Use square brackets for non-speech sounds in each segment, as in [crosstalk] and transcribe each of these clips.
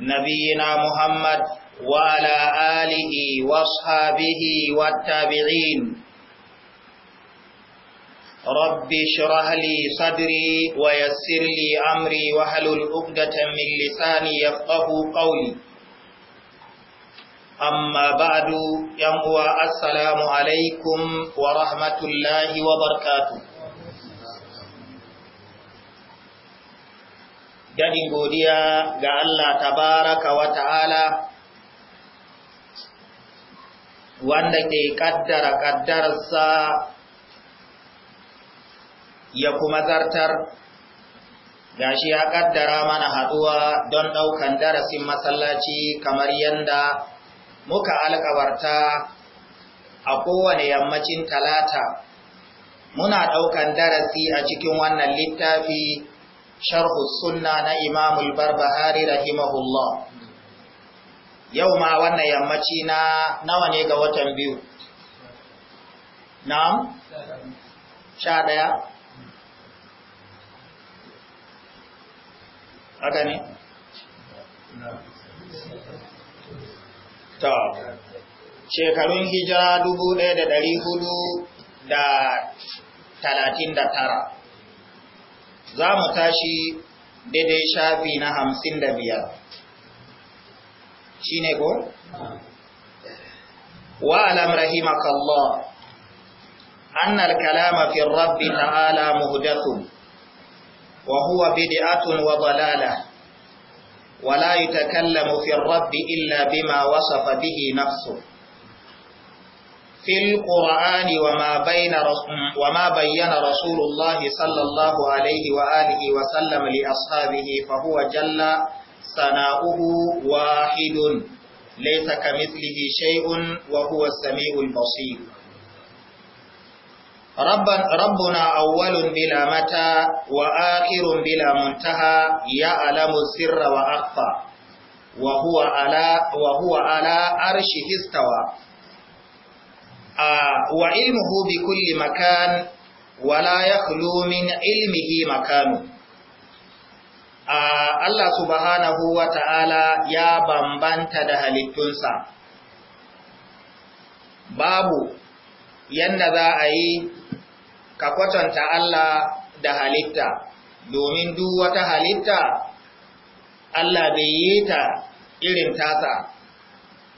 نبينا محمد وعلى آله واصحابه والتابعين رب شرح لي صدري ويسر لي أمري وحل عقدة من لساني يفقه قولي أما بعد يموى السلام عليكم ورحمة الله وبركاته gadin godiya ga Allah tabaraka wa ta'ala wanda ke kaddara kaddararsa ya kuma zartar gashi ya kaddara mana haduwa don daukan darasin masallaci kamar yanda muka alƙawarta a kowane yammacin talata muna daukan darasi a cikin wannan littafi sharhu sunna na imamul barbahari rahimahullah yau ma wannan yammaci na nawa ne ga watan biyu na'am sha ɗaya shekarun hijira dubu ɗaya da ɗari hudu da talatin da tara za mu tashi daidai shafi na hamsin da biyar shi ne ko? wa'alam rahimakallah annal kalama fi rabbi ta'ala muhdathun wa huwa bid'atun wa dalala wa la yutakallamu fi rabbi illa bima wasafa bihi nafsuhu fil qur'ani wa ma bayna bayyana rasulullah sallallahu alaihi wa wa sallam li ashabihi fa huwa jalla sana'uhu wahidun laysa sha'i'un, shay'un wa huwa as-sami'ul basir ربنا أول بلا متى وآخر بلا منتهى يعلم السر وأخفى وهو على وهو على عرشه استوى wa ilmuhu bi kulli makan wala yakhlu min ilmihi makanu Allah subhanahu wa ta'ala ya bambanta da halittunsa, babu yadda za a yi ka kwatanta Allah da halitta, domin duk wata halitta Allah bai yi ta irin tasa,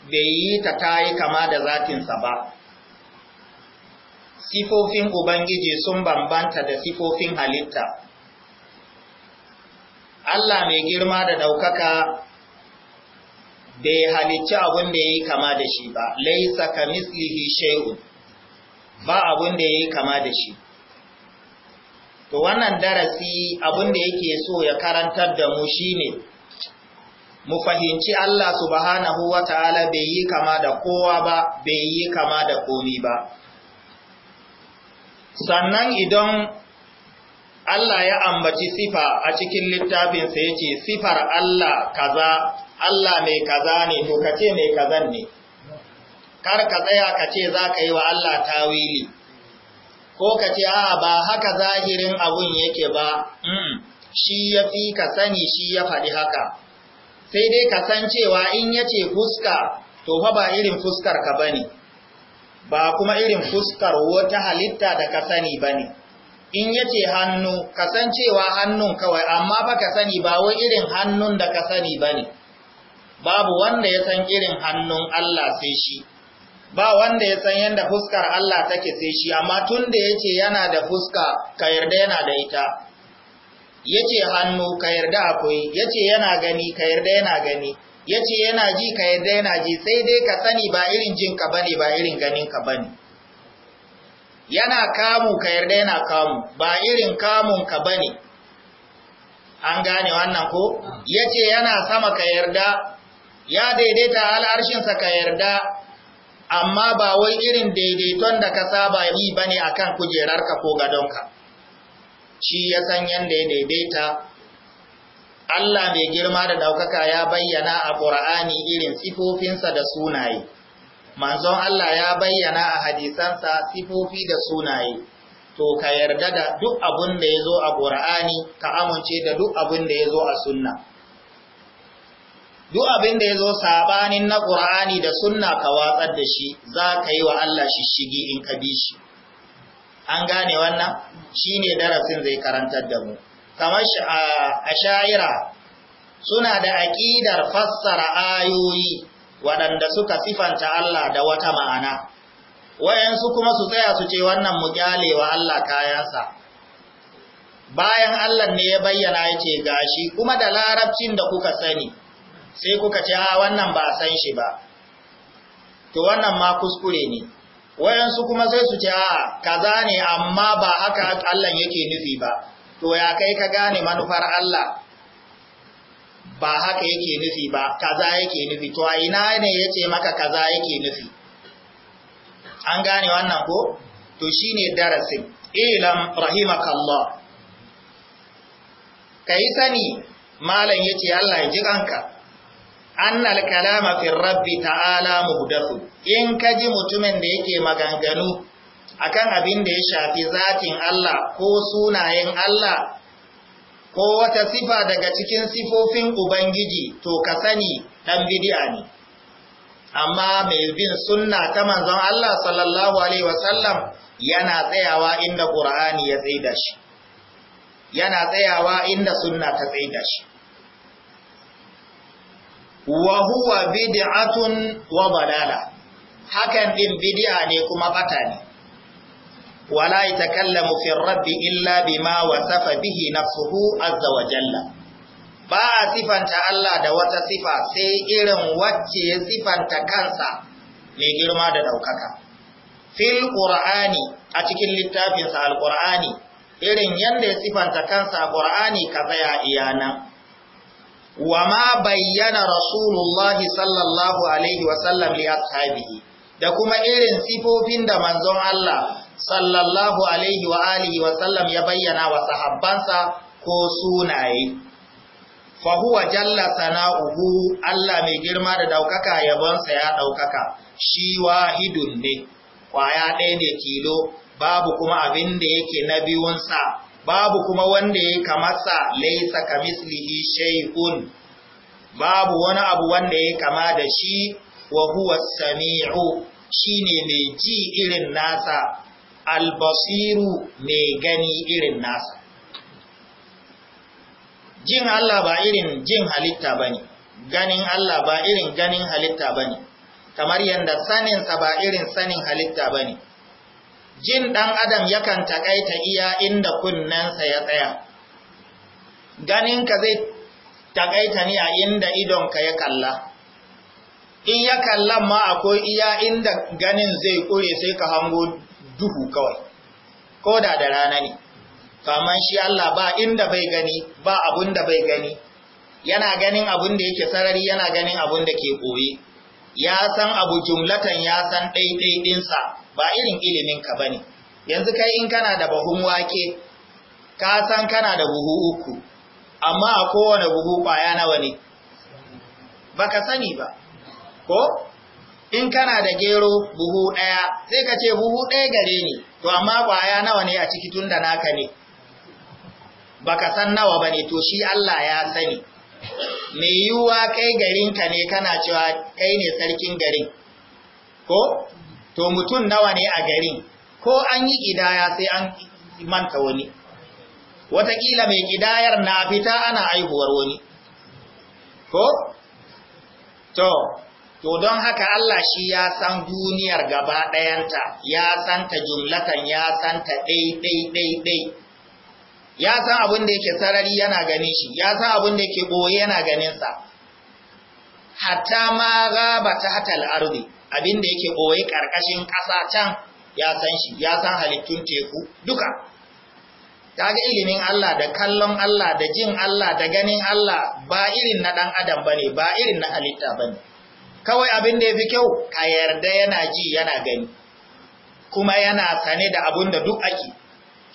bai yi ta ta kama da zatinsa ba, sifofin Ubangiji sun bambanta da sifofin halitta. Allah mai girma da ɗaukaka bai halicci abin da ya yi kama da shi ba, laisa ka mislihi shehu ba abin da ya yi kama da shi. To wannan darasi abin da yake so ya karantar da mu shine mu fahimci Allah subhanahu wa ta'ala bai yi kama da kowa ba, bai yi kama da komi ba. sannan idan Allah ya ambaci sifa a cikin littafinsa ya ce sifar Allah kaza Allah mai kaza ne to ka ce mai kazan ne kar ka tsaya ka ce za ka yi wa Allah tawili ko ka ce a ba haka zahirin abun yake ba shi ya fi ka sani shi ya faɗi haka sai dai ka san cewa in yace fuska to fa ba irin fuskar ka bane ba kuma irin fuskar wata halitta da ka sani ba ne in ya ce hannu kasancewa hannun kawai amma ba ka sani ba wai irin hannun da ka sani ba ne babu wanda ya san irin hannun Allah sai shi ba wanda ya san yadda fuskar Allah take sai shi amma tun da ya ce yana da fuska ka yarda yana da ita ya ce hannu ka yarda akwai ya ce yana gani ka yarda yana gani ya ce yana ji ka yadda yana ji sai dai ka sani ba irin jin ka bane ba irin ganin ka bane yana kamu ka yarda yana kamu ba irin kamun ka bane an gane wannan ko ya ce yana sama ka yarda ya daidaita al'arshinsa ka yarda amma ba wai irin daidaiton da ka saba yi bane akan kujerarka ko gadonka shi ya san yanda ya daidaita Allah mai girma da ɗaukaka ya bayyana a ƙura'ani irin sifofinsa da sunaye, manzon Allah ya bayyana a hadisansa sifofi da sunaye, to ka yarda da duk abin da ya zo a ƙura'ani ka amince da duk abin da ya zo a sunna. Duk abin da ya zo saɓanin na ƙura'ani da sunna ka watsar da shi za ka yi wa Allah shishigi in ka bi shi. An gane wannan? shine darasin zai karantar da mu. kamar ashayira suna da aƙidar fassara ayoyi waɗanda suka sifanta Allah da wata ma'ana, wayansu kuma su tsaya su ce wannan mu wa Allah kayansa. Bayan Allah ne ya bayyana ya ce gashi kuma da larabcin da kuka sani, sai kuka ce a wannan ba san shi ba, to wannan ma kuskure ne. Wayansu kuma sai su ce a kaza ne amma ba haka Allah yake nufi ba. to ya kai ka gane manufar Allah ba haka yake nufi ba kaza yake nufi to a ina ne yace maka kaza yake nufi an gane wannan ko to shine darasin ilam rahimakallah kai sani malam yace Allah ya ji kanka annal kalama fi rabbi ta'ala muhdathu in kaji mutumin da yake maganganu akan abin da ya shafi zatin Allah ko sunayen Allah ko wata sifa daga cikin sifofin Ubangiji to ka sani ɗan bidi'a ne. Amma mai bin sunna ta manzon Allah sallallahu Alaihi wasallam yana tsayawa inda Ƙur'ani ya tsaida shi, yana tsayawa inda sunna ta tsaida shi. Wa huwa wa balala, hakan ɗin bidi'a ne kuma bata ne. wala yatakallamu fi rabbi illa bima wasafa bihi nafsuhu azza wa jalla ba a sifanta Allah da wata sifa sai irin wacce ya sifanta kansa mai girma da daukaka fil qur'ani a cikin littafinsa alqur'ani irin yanda ya sifanta kansa a qur'ani ka tsaya iyana وما بين رسول الله صلى الله عليه وسلم لأصحابه da kuma irin sifofin da manzon Allah sallallahu alaihi wa alihi wa sallam ya bayyana wa sahabbansa ko sunaye fahuwa jalla sana'uhu Allah mai girma da daukaka yabonsa ya daukaka shi wahidun ne kwaya ɗaya ne kilo, babu kuma abin da yake na biyunsa babu kuma wanda ya kamasa laisa kamislihi shay'un babu wani abu wanda ya kama da shi wa huwa sami'u shine mai ji irin nasa albasiru mai gani irin nasa jin Allah ba irin jin halitta ba ne ganin Allah ba irin ganin halitta ba ne kamar yadda saninsa ba irin sanin halitta ba ne jin ɗan adam yakan takaita iya inda kunnensa ya tsaya ganinka zai takaita ni a inda idonka ya kalla in ya kalla ma akwai iya inda ganin zai kure sai ka hango duhu kawai ko da da rana ne to amma shi Allah ba inda bai gani ba abun da bai gani yana ganin abun da yake sarari yana ganin abun da ke koyi ya san abu jumlatan ya san ɗaiɗaiɗinsa ba irin ilimin ka bane yanzu kai in kana da bahun wake ka san kana da buhu uku amma a kowane buhu kwaya nawa ne baka sani ba ko in kana da gero buhu ɗaya sai ka ce buhu ɗaya gare ni to amma ƙwaya nawa ne a ciki tun da naka ne Ba ka san nawa ba ne to shi Allah ya sani mai yiwuwa kai garinka ne kana cewa kai ne sarkin garin ko to mutum nawa ne a garin ko an yi ƙidaya sai an manta wani watakila mai ƙidayar na fita ana aihuwar wani ko to To don haka Allah shi ya san duniyar gaba ɗayanta, ya san ta jumlatan, ya san ta ɗai-ɗai-ɗai-ɗai. Ya san abin da yake sarari yana ganin shi, ya san abin da yake ɓoye yana ganinsa. Hatta ma gaba ta hatal arzi, abin da yake ɓoye ƙarƙashin ƙasa can ya san shi, ya san halittun teku duka. Ta ga ilimin Allah da kallon Allah da jin Allah da ganin Allah ba irin na ɗan adam ba ne, ba irin na halitta ba ne. kawai abin da ya fi kyau ka yarda yana ji yana gani kuma yana sane da abun da duk ake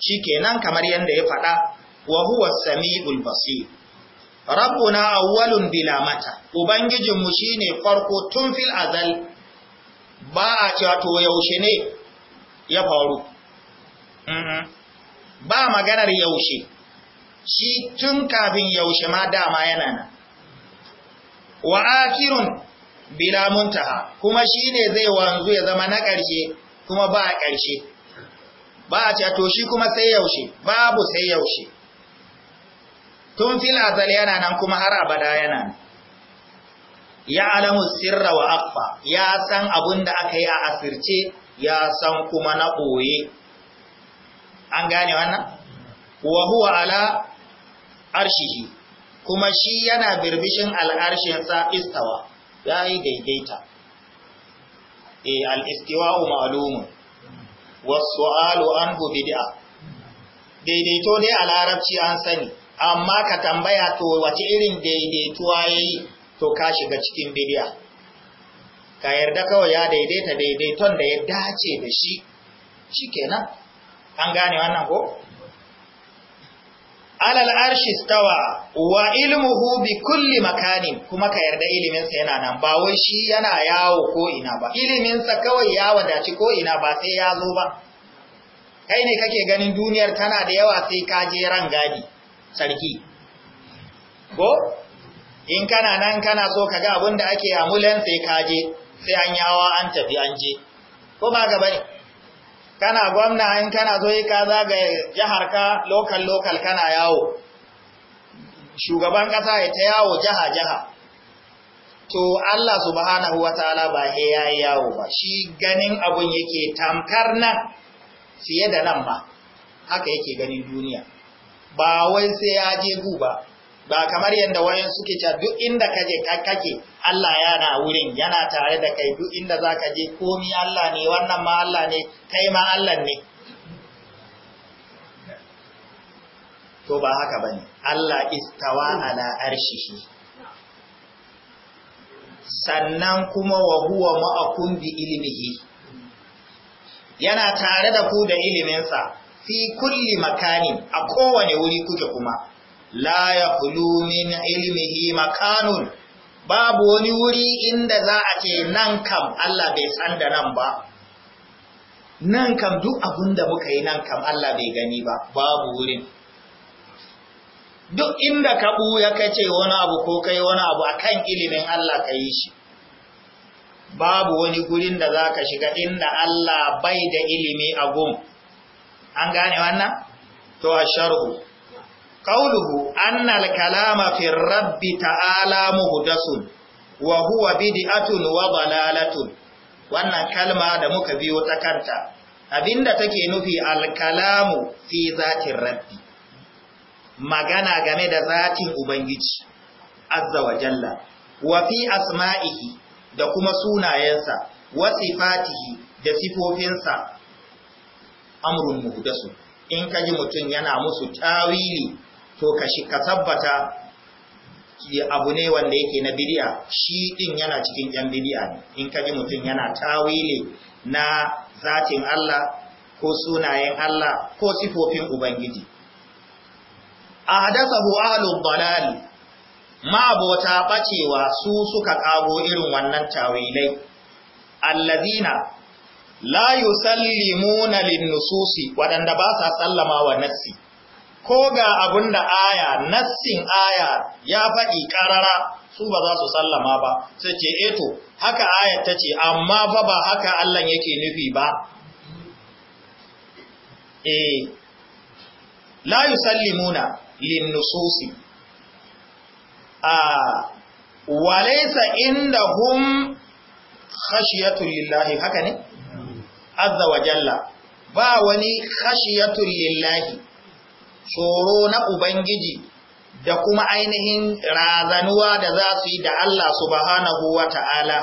shi kenan kamar yadda ya faɗa wa huwa sami'ul basir rabbuna awwalun bila mata ubangijin mu shine farko tun fil azal ba a cewa to yaushe ne ya faru mm-hmm. ba maganar yaushe shi tun kafin yaushe ma dama yana nan wa akhirun bila muntaha kuma shi ne zai wanzu ya zama na ƙarshe kuma ba a ƙarshe ba a ce to shi kuma sai yaushe babu sai yaushe tun fil azal yana nan kuma har abada yana nan ya alamu sirra wa akfa ya san abunda da aka yi a asirce ya san kuma na ɓoye an gane wannan wa huwa ala arshihi kuma shi yana birbishin al'arshinsa istawa ya yi daidaita e al'istiwa'u ma'alumun wasu alu an bid'a daidaito ne a larabci an sani amma ka tambaya to wace irin daidaituwa ya yi to ka shiga cikin bid'a ka yarda kawai ya daidaita daidaiton da ya dace da shi shi kenan an gane wannan ko? alal arshi stawa wa ilmuhu bi kulli makanin kuma ka yarda iliminsa yana nan ba shi yana yawo ko ina ba iliminsa kawai ya wadaci ko ina ba sai ya zo ba kai ne kake ganin duniyar tana da yawa sai ka je ran gadi sarki ko in kana nan kana so ka ga abin da ake amulen sai ka je sai an yawa an tafi an je ko ba ga bane kana gwamna in kana zo yi ka jihar ka lokal lokal kana yawo shugaban kasa ya ta yawo jiha jiha to Allah subhanahu wataala ba he yayi yawo ba shi ganin abun yake tamkar nan fiye da nan ba haka yake ganin duniya ba wai sai ya je guba ba kamar yadda wayan suke cewa duk inda kaje kake Allah yana wurin yana tare da kai duk inda zaka je komi Allah ne wannan ma Allah ne kai ma Allah ne to ba haka bane Allah istawa ala arshihi sannan kuma wa huwa ma'akum bi ilmihi yana tare da ku da iliminsa fi kulli makani a kowane wuri kuke kuma la ya min ilmihi makanun babu wani wuri inda za a ce nan kam Allah bai san da nan ba nan kam duk abin da muka yi nan kam Allah bai gani ba babu wurin duk inda ka ɓuya ka ce wani abu ko kai wani abu akan ilimin Allah ka yi shi babu wani gurin da za ka shiga inda Allah bai da ilimi a gun an gane wannan to a sharhu Ƙauluhu, annal rabbi ta'ala muhdasun, wa bid'atun wa wannan kalma da muka biyo ta abinda take nufi alkalamu fi zatin rabbi, magana game da zatin Ubangiji, azza wa jalla, da kuma sunayensa, wa da sifofinsa, amrun muhdasun. In kaji mutum yana musu tawili to ka shi ka tabbata abu ne wanda yake na bidiya shi din yana cikin yan bidiya ne in ka ji mutum yana tawili na zatin Allah ko sunayen Allah ko sifofin ubangiji A ahdathahu ahlul dalal ma abota bacewa su suka kago irin wannan tawilai allazina la yusallimuna lin nususi wadanda ba sa sallama wa nassi ko ga abin da aya nassin aya ya faɗi ƙarara su ba za su sallama ba sai ce eto eh haka Aya ta ce amma fa ba haka Allah yake nufi ba eh la yusallimuna linnususi a walaysa indahum khashiyatu lillahi haka ne azza wa jalla ba wani khashiyatu lillahi tsoro na Ubangiji da kuma ainihin razanuwa da za su yi da Allah subhanahu wa ta'ala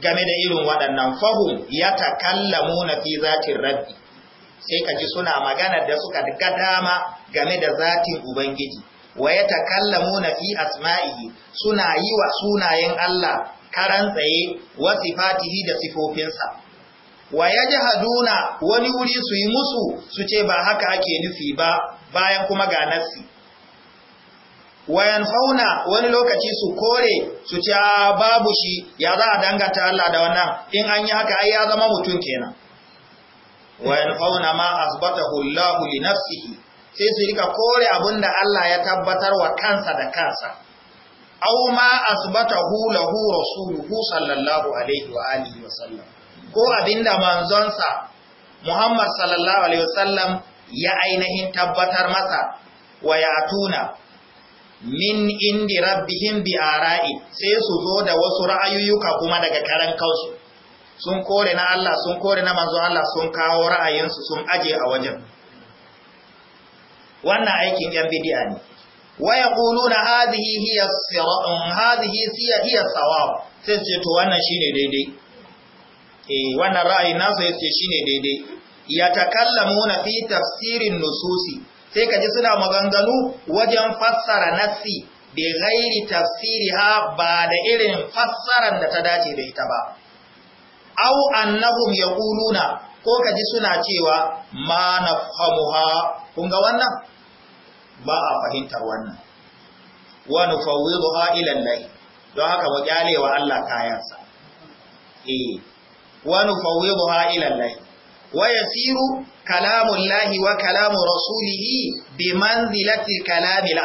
game da irin waɗannan fahim ya takallamu na fi zatin rabbi sai ka ji suna magana da suka ga dama game da zatin Ubangiji wa ya takallamu na fi asma'i suna yi wa sunayen Allah karan tsaye wa sifatihi da sifofinsa wa Haduna wani wuri su yi musu su ce ba haka ake nufi ba bayan kuma ga nassi wa yanfauna wani lokaci su kore su ce babu shi ya za a danganta Allah da wannan in an yi haka ai ya zama mutum kenan wa yanfauna ma asbatahu Allah li nafsihi sai su rika kore abinda Allah ya tabbatar wa kansa da kansa au ma asbatahu lahu rasuluhu sallallahu alaihi wa alihi wa sallam ko abinda manzonsa Muhammad sallallahu alaihi wasallam ya ainihin tabbatar masa wa tuna min indi rabbihim bi ara'i sai su zo da wasu ra'ayoyuka kuma daga karan kansu sun kore na Allah sun kore na manzon Allah sun kawo ra'ayinsu sun aje a wajen wannan aikin yan bid'a ne wa yaquluna hadhihi hiya sirat hadhihi hiya sawab sai ce to wannan shine daidai eh wannan ra'ayi nasa yace shine daidai Ya yatakallamuna fi tafsirin nususi sai kaji suna maganganu wajen fassara nassi bi ghairi tafsiriha ba da irin fassaran da ta dace da ita ba aw annahum yaquluna ko kaji suna cewa ma nafhamuha kun ga wannan ba a fahimtar wannan wa nufawwidha ila Allah don haka mu kyale wa Allah kayansa eh Wani nufawwidha ila Allah wa yasiru kalamu Allah wa kalamu rasulih manzilati kalamil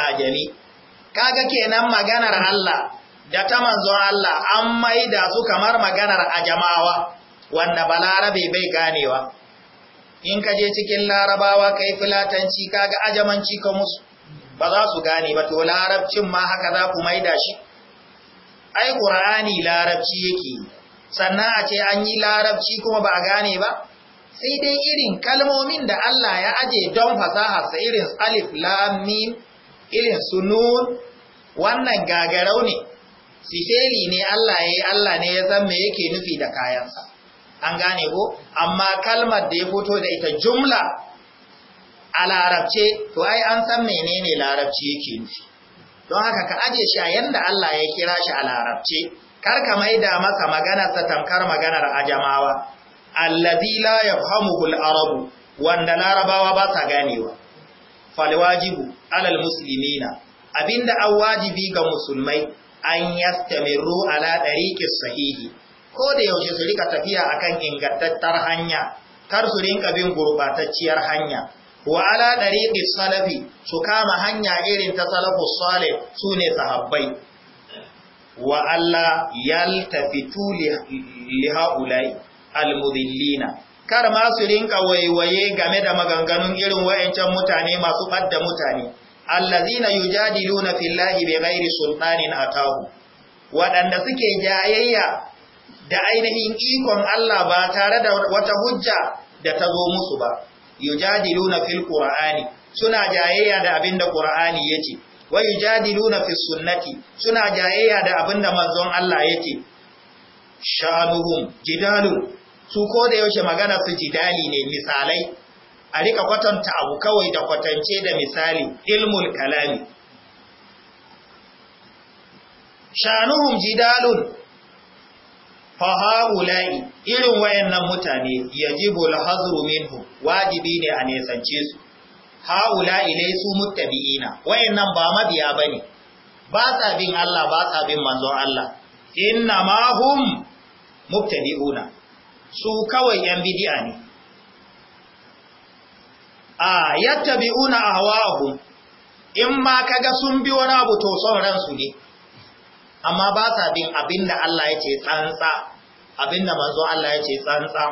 kaga kenan maganar Allah da ta manzon Allah an maida su kamar maganar ajamawa wanda balarabe bai ganewa in ka je cikin larabawa kai filatanci kaga ajamanci ka musu ba za su gane ba to larabcin ma haka za ku maida shi ai qur'ani larabci yake sannan a ce an yi larabci kuma ba a gane ba sai dai irin kalmomin da Allah ya aje don fasaharsa irin alif lam irin su wannan gagarau ne sifeli ne Allah ya yi Allah ne ya san me yake nufi da kayansa an gane ko amma kalmar da ya fito da ita jumla a larabce to ai an san menene larabci yake nufi don haka ka aje shi a yanda Allah ya kira shi a larabce Kar karka maida masa maganarsa tamkar maganar ajamawa allazi la yafhamuhu al-arabu wanda larabawa ba sa ganewa falwajibu alal musulmina, abinda an wajibi ga musulmai an yastamiru ala dariqis sahihi ko da yaushe su rika tafiya akan ingantattar hanya kar su rinka bin gurbatacciyar hanya wa ala dariqis salafi su kama hanya irin ta salafus salih sune sahabbai wa Allah yaltafitu li haulai almudillina kar ma su rinka waiwaye game da maganganun irin wayancan mutane masu ɓadda mutane allazina yujadiluna fillahi bighairi sultanin atahu Waɗanda suke jayayya da ainihin ikon Allah ba tare da wata hujja da ta zo musu ba yujadiluna fil qur'ani suna jayayya da abinda qur'ani yace wa yujadiluna fi sunnati suna jayayya da abinda manzon Allah yake sha'anuhum jidalu su ko da yaushe magana su jidali ne misalai a rika kwatanta abu kawai da kwatance da misali ilmul kalami sha'anuhum jidalun fa haula'i irin wayannan mutane yajibu al-hazru minhu wajibi ne a nesance su ilai su muttabi'ina wayannan ba mabiya bane ba sa bin Allah ba sa bin manzon Allah inna ma hum muttabi'una su kawai yan bid'a ne a yattabi'una ahwa'ahum in ma kaga sun bi wani abu to son ransu ne amma ba sa bin abinda Allah ya ce tsantsa abinda manzo Allah ya ce tsantsa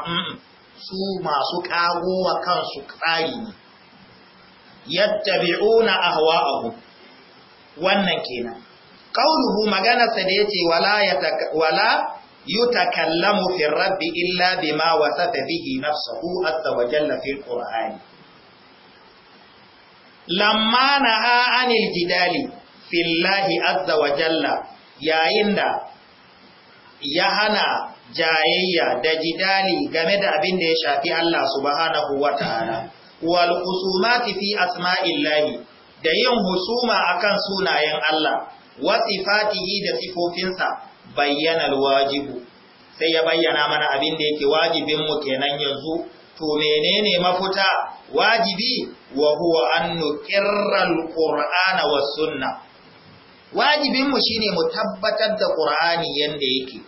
su masu kago wa kansu tsari ne yattabi'una ahwa'ahum wannan kenan qauluhu magana da yace wala wala yutakallamu fi rabbi illa bima wasafa bihi nafsuhu azza wa jalla fil qur'ani lamma naha anil jidali fillahi azza wa jalla yayin da ya hana jayayya da jidali game da abin da ya shafi Allah subhanahu wa ta'ala wal husumati fi asma'illahi da yin husuma akan sunayen Allah wa sifatihi da sifofinsa bayyana wajibu sai ya bayyana mana abin da yake wajibin mu kenan yanzu to menene mafuta wajibi wa huwa an nuqirra al was sunnah wajibin mu shine mu tabbatar da qur'ani yanda yake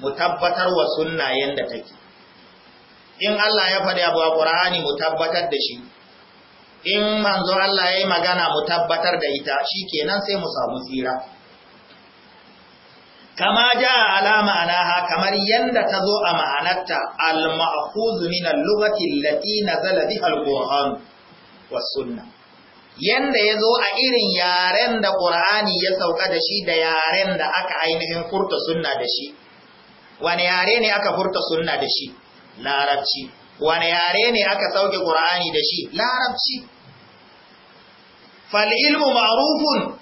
mu tabbatar wa sunna yanda take in Allah ya faɗi abu a ƙura'ani mu tabbatar da shi in manzo Allah ya yi magana mu tabbatar da ita shi nan sai mu samu tsira kama ja ala ha kamar yadda ta zo a ma'anarta al-ma'khuz min al-lughati allati nazala biha al-Qur'an was sunnah yanda ya zo a irin yaren da ƙur'ani ya sauka da shi da yaren da aka ainihin furta sunna da shi wani yare ne aka furta sunna da shi larabci wani yare ne aka sauke qur'ani da shi larabci fal ilmu ma'rufun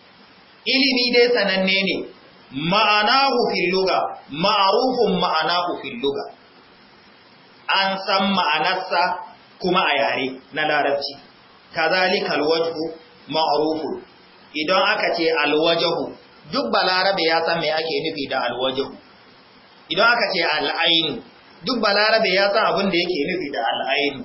ilimi dai sananne ne ma'anahu fil lugha ma'rufun ma'anahu fil lugha an san ma'anarsa kuma a yare na larabci kazalikal wajhu ma'rufun idan aka ce alwajahu duk balarabe ya san me ake nufi da alwajahu idan aka ce al'ainu duk balarabe ya san abin da yake nufi da al'ainu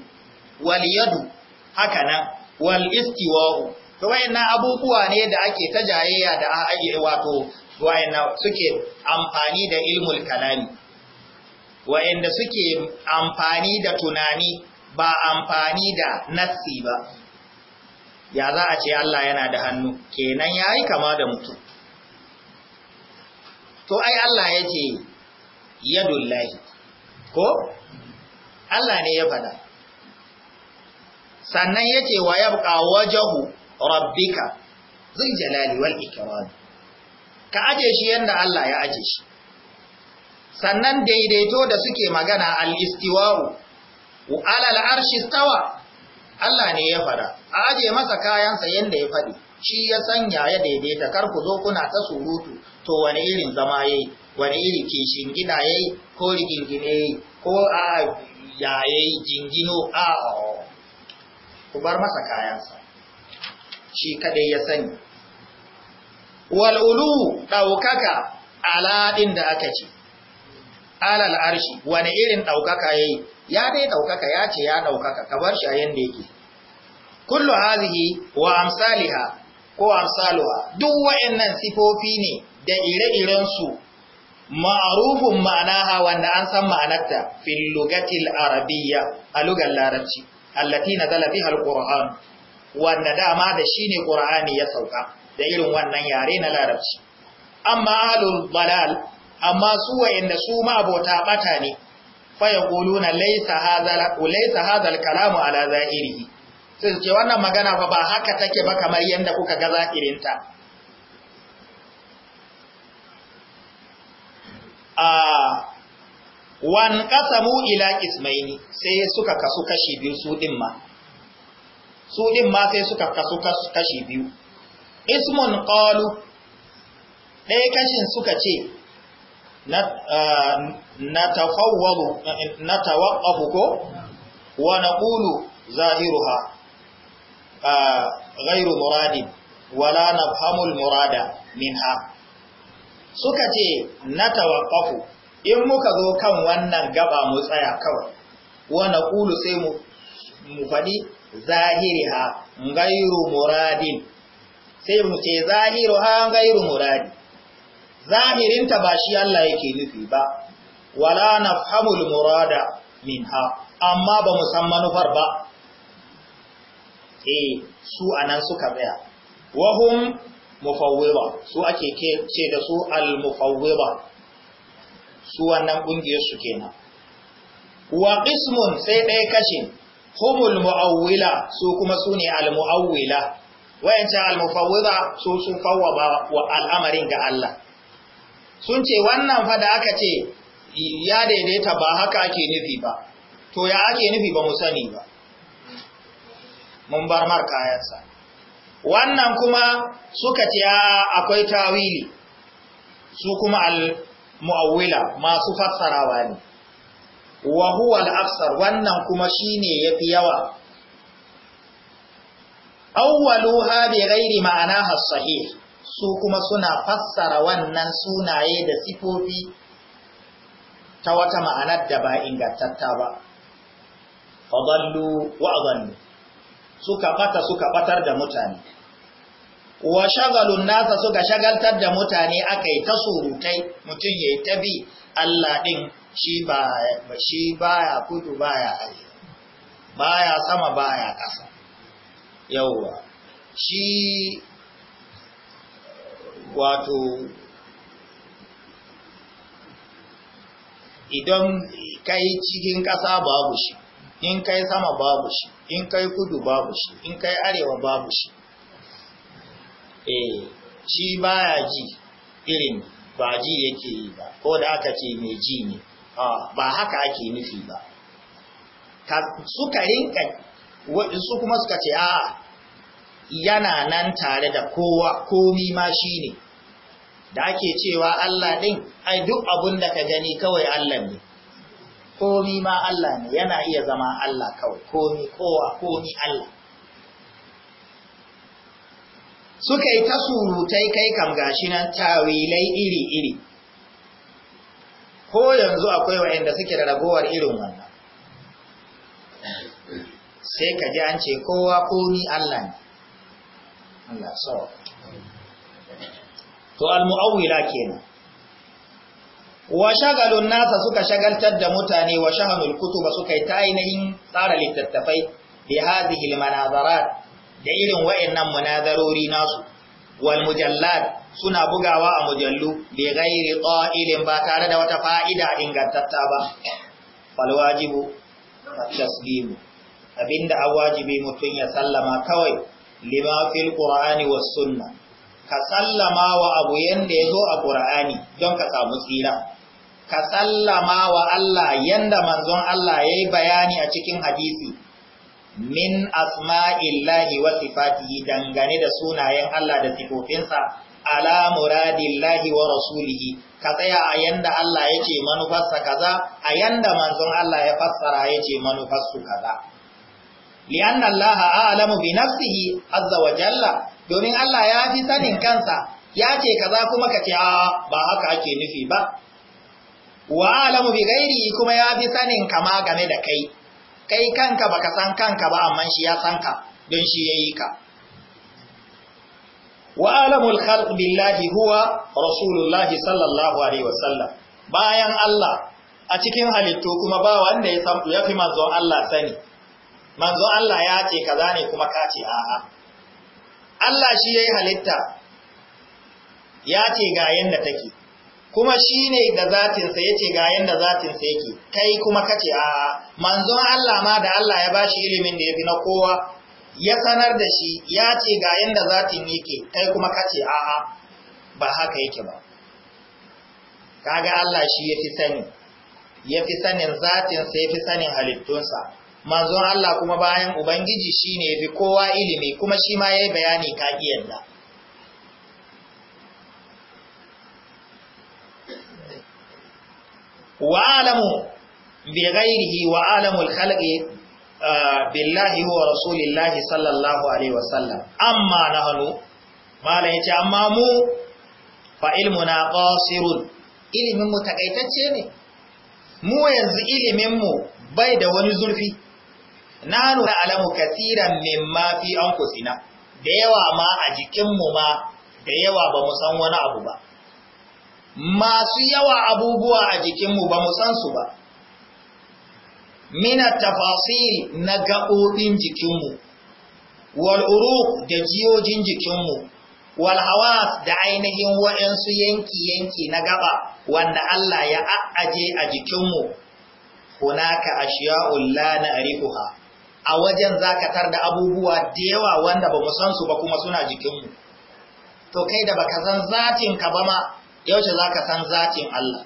wal yadu haka na, wal istiwa'u to wayannan abubuwa ne da ake ta jayayya da wato wayanda suke amfani da ilmul kalami wayanda suke amfani da tunani ba amfani da nassi ba ya za a ce Allah yana da hannu kenan yayi kama da mutum to ai Allah yake yadullahi ko Allah ne ya faɗa sannan yake wa yabqa wajhu rabbika zul jalali wal ikram ka aje shi yanda Allah ya aje shi sannan daidaito da suke magana al-istiwa'u al arshi stawa Allah ne ya faɗa aje masa kayansa yanda ya faɗi shi ya sanya ya daidaita kar ku zo kuna ta surutu to wani irin zama yayi wani irin kishin gida yayi ko rigingine yayi ko a ya yayi jingino a ku bar masa kayansa shi kadai ya sani wal ulu daukaka ala din da aka ce alal arshi wani irin daukaka yayi ya dai daukaka ya ce ya daukaka ka bar shi a yanda yake kullu hadhihi wa amsalha ko arsaluwa duk wayannan sifofi ne da ire-iren su ma'arufun ma'anaha wanda an san ma'anarta fil lugatil arabiyya a lugar larabci allati nazala biha alquran wanda dama da shine qur'ani ya sauka da irin wannan yare na larabci amma alul balal amma su wayanda su ma abota bata ne fa yaquluna laysa hadha laysa hadha kalamu ala zahirihi sai su ce wannan magana fa ba haka take ba kamar yadda kuka ga zahirinta a wan kasamu ila ismaini sai suka kasu kashi biyu su din ma su din ma sai suka kasu kashi biyu ismun qalu ɗaya kashin suka ce na na eh, tawaqqafu ko wa naqulu zahiruha ghairu muradin wala nafhamul murada minha suka ce na tawaqqafu in muka zo kan wannan gaba mu tsaya kawai wa naqulu sai mu mu fadi zahiriha ghairu muradin sai mu ce zahiruha ghairu muradi zahirinta ba shi Allah yake nufi ba wala nafhamul murada minha amma ba mu san manufar ba eh su anan suka tsaya wahum mufawwiba su ake ce da su al-mufawwiba su wannan kungiyar su kenan wa qismun sai ɗaya kashin humul mu'awwila su kuma su ne al-mu'awwila wayanta al Mufawwiba su fawwa wa al'amarin ga Allah sun ce wannan fa da aka ce ya daidaita ba haka ake nufi ba to ya ake nufi ba mu sani ba mun bar mar kayansa wannan kuma suka ce akwai tawili su kuma al-mu'awwila masu fassarawa ne wa huwa al-afsar wannan kuma shine yafi yawa ha bi ghairi ma'anaha sahih su kuma suna fassara wannan sunaye da sifofi ta wata ma'anar da ba ingantatta ba fadallu wa adallu suka bata suka batar da mutane wa shagalun nasa suka shagaltar da mutane akai ta surutai mutum yayi tabi Allah din shi ba shi baya kudu baya ba baya sama baya kasa yawwa shi wato idan kai cikin ƙasa babu shi in kai sama babu shi in kai kudu babu shi in kai arewa babu shi eh shi baya ji irin ba ji yake yi ba ko da aka ce mai ji ne ba haka ake nufi ba suka rinka su kuma suka ce a yana nan tare da kowa komi ma shi ne da ake cewa Allah ɗin ai duk abun da ka gani kawai Allah ne komi ma Allah ne yana iya zama Allah kawai komi kowa komi Allah suka yi ta surutai kai kam gashi nan tawilai iri-iri ko yanzu akwai waɗanda suke da ragowar irin wannan sai ka ji an ce kowa komi Allah ne Allah sawa to al-mu'awwila kenan wa shagalun nasa suka shagaltar da mutane wa shahamul kutuba suka yi ta ainihin tsara littattafai bi hadhihi almanazarat da irin wayannan munazarori nasu wal mujallad suna bugawa a mujallu bi ghairi qa'ilin ba tare da wata fa'ida ingantatta ba fal wajibu taslimu abinda awajibi mutun ya sallama kawai lima fil qur'ani was sunnah ka sallama wa abu yanda yazo a ƙur'ani don ka samu tsira ka sallama wa Allah yanda manzon Allah ya yi bayani a cikin hadisi min asma'illahi wa sifatihi dangane da sunayen Allah da sifofinsa ala muradillahi wa rasulihi ka tsaya a yanda Allah ya ce manufarsa kaza a yanda manzon Allah ya fassara ya ce manufarsu kaza li'anna Allah a'lamu bi nafsihi azza wa jalla domin Allah ya fi sanin kansa ya ce kaza kuma ka ce ba haka ake nufi ba wa alamu bi gairi kuma ya fi sanin kama game da kai kai kanka baka san kanka ba amma shi ya san ka don shi yayi ka wa khalq billahi huwa rasulullahi sallallahu alaihi wasallam bayan Allah a cikin halittu kuma ba wanda ya san ya fi manzon Allah sani manzon Allah ya ce kaza ne kuma ka ce a'a Allah shi yayi halitta ya ce ga yanda take kuma shi ne da zatinsa ya ce ga yadda zatinsa yake kai kuma kace a manzon Allah ma da Allah ya ba shi ilimin da ya fi na kowa ya sanar da shi ya ce ga yadda zatin yake kai kuma kace a a ba haka yake ba kaga Allah shi ya fi sani ya fi sanin zatinsa ya fi sanin halittunsa manzon Allah kuma bayan ubangiji shi ne ya fi kowa ilimi kuma shi ma ya yi bayani ka yadda wa alamu bi ghairihi wa alamul khalqi billahi wa rasulillahi sallallahu alaihi wasallam amma na nahnu mala ce amma mu fa ilmu na ilimin Iliminmu takaitacce ne mu yanzu iliminmu bai da wani zurfi. zulfi nanu alamu katiran mafi fi anfusina da yawa ma a jikinmu ma da yawa ba mu san wani abu ba masu yawa abubuwa a jikinmu ba mu san su ba mina tafasiri na gaɓoɓin jikinmu wal'uru da jiyojin jikinmu walhawas da ainihin waɗansu yanki-yanki na gaba wanda Allah ya a'aje a jikinmu hunaka ashiya'ul la na'rifuha a wajen zakatar da abubuwa da yawa wanda ba mu san su ba kuma suna jikinmu to kai da baka san zatin ka ba ma yaushe za ka san zatin Allah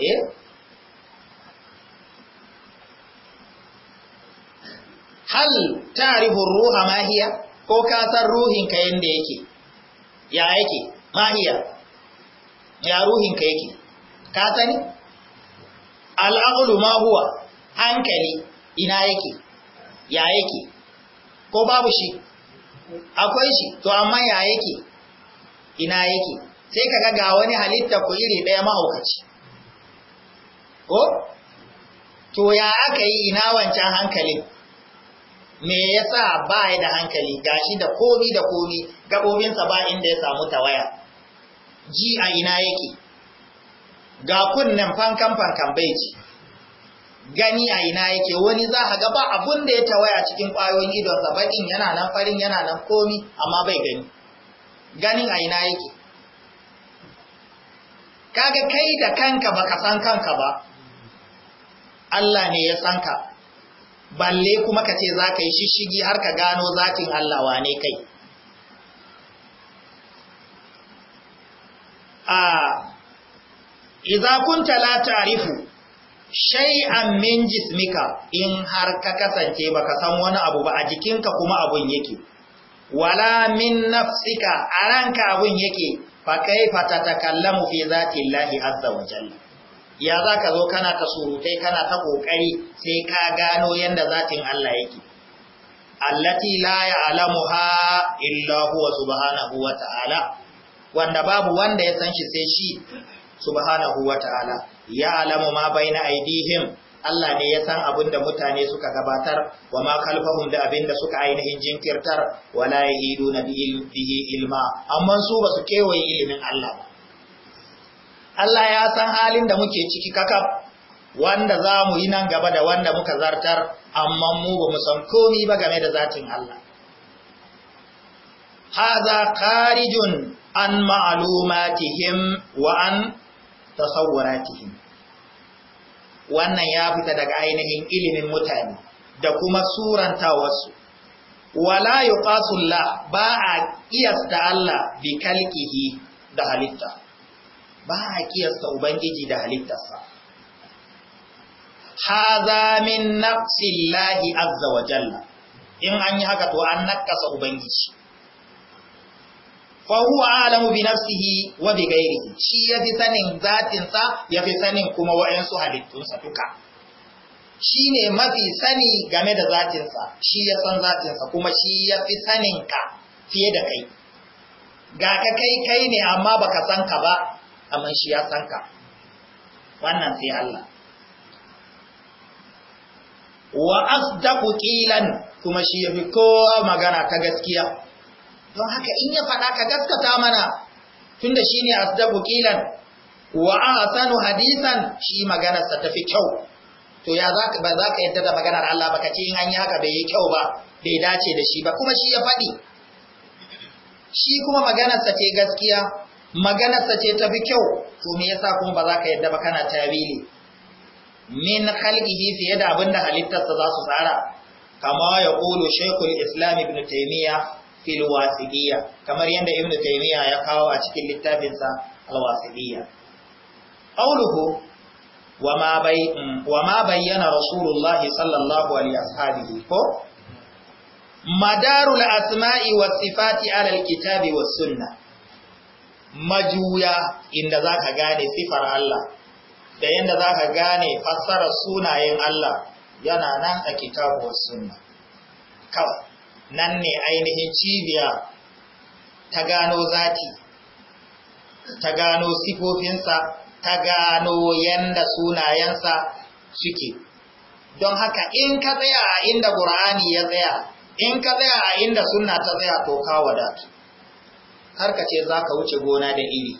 eh hal ta'rifu ruha ma hiya ko ka san ruhin ka yanda yake ya yake ma hiya ya ruhin ka yake ka sani al'aqlu ma huwa hankali ina yake ya yake ko babu shi akwai shi to amma ya yake ina yake sai ka ga wani halitta ku iri ɗaya mahaukaci ko to ya aka yi ina wancan hankalin me ya sa ba ya da hankali gashi da komi da komi gabobinsa ba inda ya samu tawaya ji a ina yake ga kunnen fankan fankan bai ji. gani a ina yake wani za a gaba abun da ya tawaya cikin ƙwayoyin idonsa baƙin yana nan farin yana nan komi amma bai gani ganin a ina yake kaga kai da kanka baka san kanka ba Allah ne ya san ka balle kuma ka ce za yi shishigi har ka gano zatin Allah wane kai a idza kunta la ta'rifu shay'an min jismika in har ka kasance baka san wani abu ba a jikinka kuma abun yake wala min nafsika a ranka abun yake fa ta kallamu fi zati llahi azza wa jalla ya zaka zo kana ta surutai kana ta kokari sai ka gano yanda zatin Allah yake allati la ya'lamuha illa huwa subhanahu wa ta'ala wanda babu wanda ya san shi sai shi subhanahu wa ta'ala ya'lamu ma baina aydihim Allah ne ya san abin da mutane suka gabatar wa ma kalfahum da abin da suka ainihin jinkirtar wa la yahidu na bihi ilma amma su ba su kewaye ilimin Allah ba Allah ya san halin da muke ciki kakaf wanda za mu yi nan gaba da wanda muka zartar amma mu ba mu san komi ba game da zatin Allah haza kharijun an ma'lumatihim wa an tasawwaratihim wannan ya fita daga ainihin ilimin mutane da kuma suranta wasu wala ba a kiyasta Allah bi kalqihi da halitta ba a kiyasta ubangiji da halittarsa haza min nafsillahi azza wa jalla in an yi haka to an nakasa ubangiji fa huwa a'lamu bi nafsihi wa bi ghairihi shi fi sanin zatinsa sa fi sanin kuma wayansu halittun sa duka ne mafi sani game da zatin sa shi ya san zatin kuma shi fi sanin ka fiye da kai ga ka kai kai ne amma baka san ka ba amma shi ya san ka wannan sai Allah wa asdaqu qilan kuma shi ya fi kowa magana ta gaskiya don haka in ya faɗa ka gaskata mana tunda shine asdabu qilan wa ahsanu hadisan shi maganarsa sa tafi kyau to ya zaka ba zaka yadda da maganar Allah ba kace in an yi haka bai yi kyau ba bai dace da shi ba kuma shi ya faɗi shi kuma maganarsa ce gaskiya maganarsa sa ce tafi kyau to me yasa kuma ba zaka yadda ba kana tawili min khalqihi fiye da abinda halittarsa za su tsara kama ya qulu shaykhul islam ibn taymiyah fil wasidiyya kamar yadda ibn taymiya ya kawo a cikin littafin sa al wasidiyya qawluhu wa ma bay wa bayyana rasulullah sallallahu alaihi washabihi ko madarul asma'i was sifati ala al kitabi was sunnah majuya inda zaka gane sifar Allah da yanda zaka gane fassarar sunayen Allah yana nan a kitabuwar kawai nan ne ainihin cibiya ta gano zati ta gano sifofinsa ta gano yanda sunayensa suke don haka in ka tsaya a inda ƙur'ani ya tsaya in ka tsaya a inda suna ta tsaya to ka datu, har ka ce za ka wuce gona da iri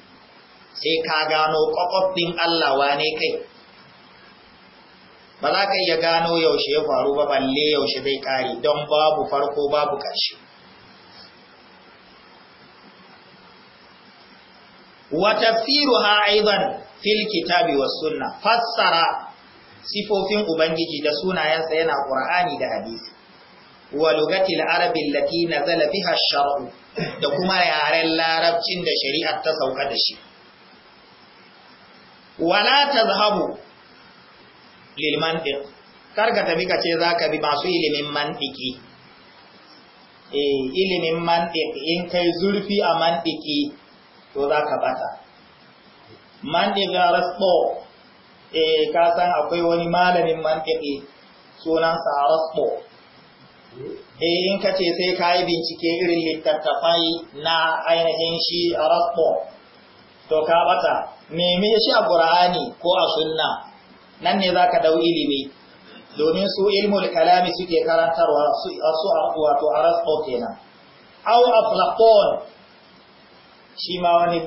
sai ka gano kwakwafin Allah wane kai ba za ka iya gano yaushe ya faru ba balle yaushe zai kare don babu farko babu ƙarshe wa tafsiruha aidan fil kitabi was sunna fassara sifofin ubangiji da sunayensa yana qur'ani da hadisi wa lugatil arabi allati nazala biha ash-shar'u da kuma yaren larabcin da shari'ar ta sauka da shi wala tazhabu lil mantiq kar ka tafi ka ce ka bi masu ilimin mantiki eh ilimin mantiq in kai zurfi a mantiki to zaka bata mantiq rasbo eh ka san akwai wani malamin mantiki sunansa rasbo eh in ka ce sai ka yi bincike irin littattafai na ainihin shi rasbo to ka bata meme shi a Qur'ani ko a sunna nan ne za ka dau ilimi domin su ilmul kalami suke karantarwa su wato a rasko kenan au aflakon shi ma wani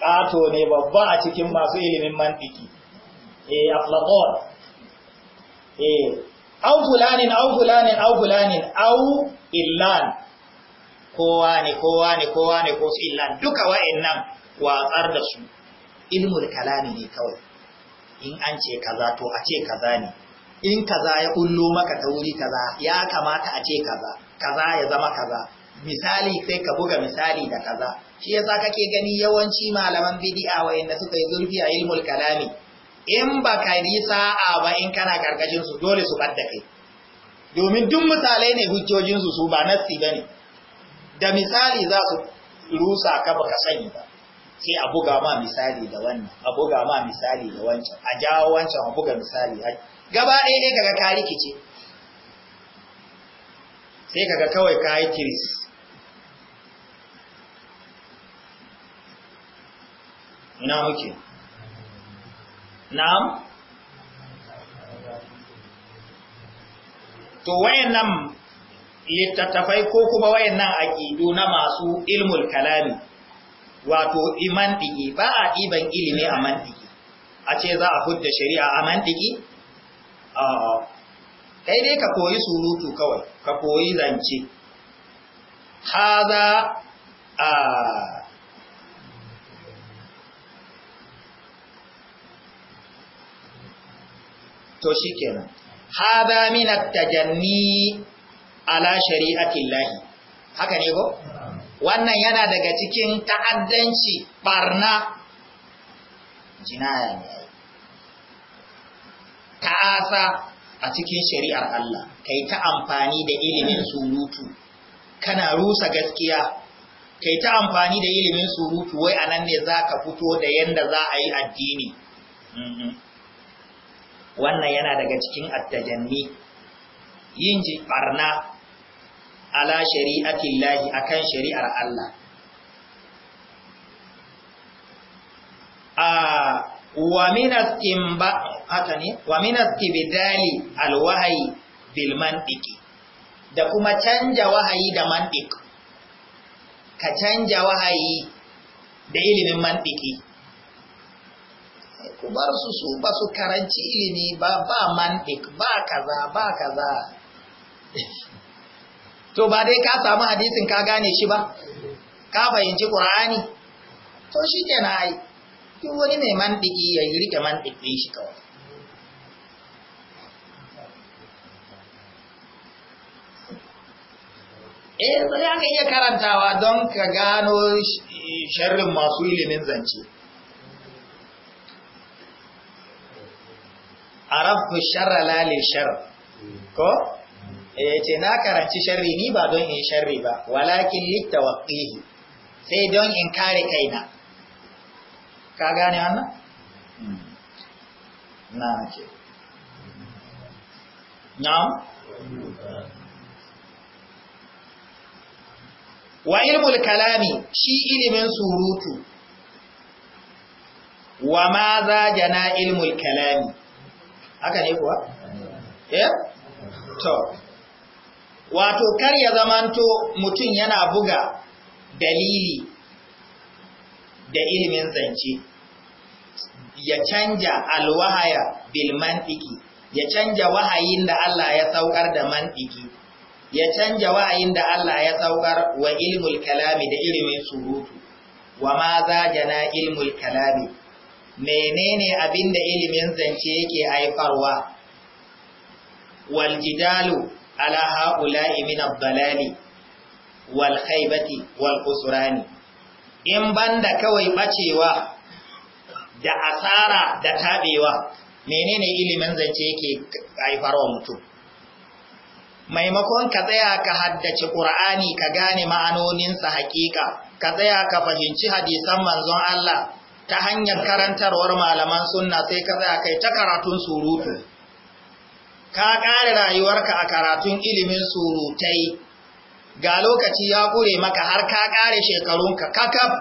ƙato ne babba a cikin masu ilimin mantiki eh aflakon eh au fulanin au fulanin au fulanin au illan kowa ne kowa ne kowa ne ko su illan duka wa'in nan, watsar da su ilmul kalami ne kawai in an ce kaza to a ce kaza ne in kaza ya kullo maka ta wuri kaza ya kamata a ce kaza kaza ya zama kaza misali sai ka buga misali da kaza shi yasa kake gani yawanci malaman bid'a wayanda suka yi zurfi a ilmul kalami in ba ka yi sa'a ba in kana karkashin su dole su bar kai domin duk misalai ne hujjojin su su ba nassi bane da misali za su rusa ka baka sani ba sai a buga ma misali da wannan a buga ma misali da wancan a jawo wancan a buga misali gaba ɗaya dai kaga ka rikice sai kaga kawai ka yi kiris ina muke na'am to wayannan littattafai ko kuma wayannan aƙidu na masu ilmul kalami wato imantiki ba a ɗiban ilimi a mantiki a ce za a hudda shari'a a mantiki kai dai ka koyi surutu kawai ka koyi zance haza a to shi kenan haza min at-tajanni ala shari'atillahi haka ne ko wannan yana daga cikin ta'addanci barna jinaya ne ta'asa a cikin shari'ar Allah kai ta amfani da ilimin surutu kana rusa gaskiya kai ta amfani da ilimin surutu wai anan ne za ka fito da yanda za a yi addini wannan yana daga cikin attajanni yin barna ala shari'atin lahi akan shari'ar Allah. A ah, Wa minas ibidali alwahayi bil mantiki da kuma canja wahayi da mantik, ka canja wahayi da ilimin mantiki. Ku bar su su ba su karanci ilimi ba ba mantik ba kaza ba kaza. [laughs] to ba dai ka samu hadisin ka gane shi ba ka fahimci qur'ani to shi ke na ai duk wani mai mantiki ya rike mantiki shi kawai eh sai ka iya karantawa don ka gano sharrin masu ilimin zance arafu sharra lalil shar ko eh ce na karanci sharri ni ba don in sharri ba walakin littawaqqihi sai don in kare kaina ka gane wannan hmm. na ce na'am wa ilmul kalami shi ilimin surutu wa ma za jana ilmul kalami haka ne kuwa? eh? to wato kar ya zamanto mutum yana buga dalili da ilimin zance ya canja alwahaya bil mantiki ya canja wahayin da Allah ya saukar da mantiki ya canja wahayin da Allah ya saukar wa ilmul kalami da ilimin surutu wa ma zajana ilmul kalami menene abinda ilimin zance yake aifarwa wal jidalu ala هؤلاء من الضلال والخيبة khaibati إن بند in banda kawai أسارة da asara da tabewa menene ilimin zance yake haifarwa mutum maimakon ka tsaya ka haddace ƙur'ani ka gane ma'anoninsa hakika, ka tsaya ka fahimci hadisan manzon Allah ta hanyar karantarwar malaman sunna sai ka tsaya kai ta karatun surutu ka ƙare rayuwarka a karatun ilimin surutai ga lokaci ya ƙure maka har ka ƙare shekarunka kakaf